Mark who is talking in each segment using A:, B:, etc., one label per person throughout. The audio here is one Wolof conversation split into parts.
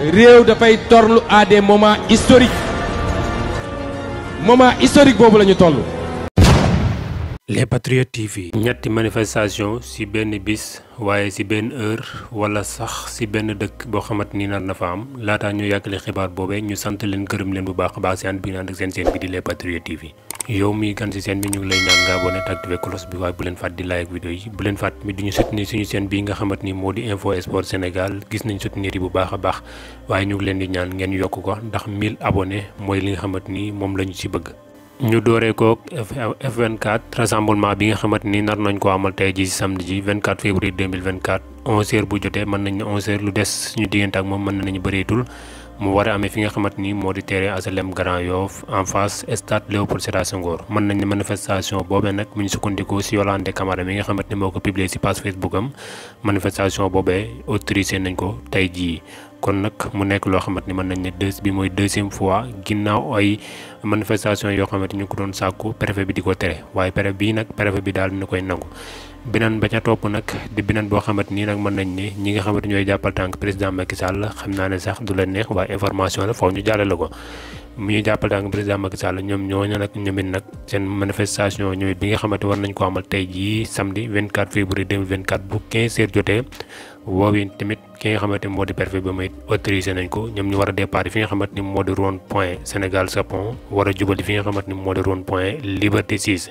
A: réew dafay torlu à des moments historiques moment historique boobu la ñu toll. les patriotes TV. ñetti manifestation ci benn bis waaye ci benn heure walla sax ci benn dëkk boo xamante ni nar na fa am laataa ñu yàggale xibaar boobee ñu sant leen gërëm leen bu baax a baax ci ànd bi naan ak seen seen bi di les patriotes TV. yow mi gan si seen bi ñu ngi lay ñaan nga abonné te activé cloche bi waaye bu leen fàtte di like vidéo yi bu leen mi duñu soutenir suñu seen bi nga xamante ni moo di info sport Sénégal gis nañ soutenir yi bu baax a baax waaye ñu ngi leen di ñaan ngeen yokk ko ndax 1000 abonné mooy li nga xamante ni moom la ñu si bëgg ñu dooree koog F24 rassemblement bi nga xamante ni nar ko amal tey ji samedi ji 24 février 2024 11 bu jotee mën nañ ne 11h lu des suñu diggante ak moom mën nañu bëreetul mu war a amee fi nga xamante ni moo di terrain HLM Grand Yoff en face stade Léopold Sédar Senghor mën nañ ne manifestation boobee nag mu ñu sukkandikoo si Yolande Camara mi nga xamante ni moo ko publier si page Facebook am manifestation boobee autorisé nañ ko tey jii kon nag mu nekk loo xamante ni mën nañ ne deux bi mooy deuxième fois ginnaaw ay manifestation yoo xamante ni ñu ko doon sàkku préfet bi di ko tere waaye préfet bii nag préfet bi daal dina koy nangu. beneen ba ca topp nag di beneen boo xamante nii nag mën nañ ni ñi nga xamante ñooy jàppal tànk président Macky la xam naa ne sax du la neex waaye information la foofu ñu jàllale ko mu ñuy jàppal tànk président Macky Sall ñoom ñoo ñooñu nag ñoom it nag seen manifestation ñoom it bi nga xamante war nañ ko amal tey jii samedi 24 février 2024 bu 15 heures jotee woowu tamit ki nga xamante moo di préfet ba muy autorisé nañ ko ñoom ñu war a départ fi nga xamante ni moo di rond point Sénégal Japon war a jubali fi nga xamante ni moo di rond point Liberté 6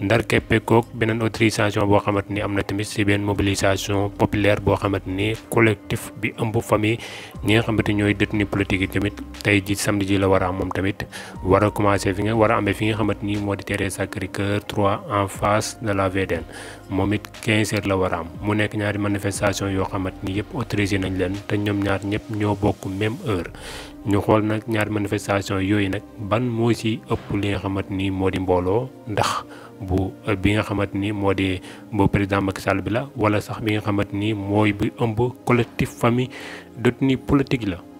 A: ndar keppeekook beneen autorisation boo xamante ni am na tamit si benn mobilisation populaire boo xamante ni collectif bi ëmb famille ñi nga xamante ñooy détenu politique yi tamit tey ji samedi ji la war a am moom tamit war a commencé fi nga war a amee fi nga xamante ni moo di terrain Sacré-Cœur 3 en face de la VDN moom it 15 la war a am mu nekk ñaari manifestation yoo xamante ni yëpp autorisé nañ leen te ñoom ñaar ñëpp ñoo bokk même heure ñu xool nag ñaar manifestation yooyu nag ban moo si ëpp li nga xamante ni moo di mbooloo ndax bu euh, bi nga xamante ni moo di bu président Macky Sall bi la wala sax bi nga xamante ni mooy bi ëmb collectif famille détenu politique la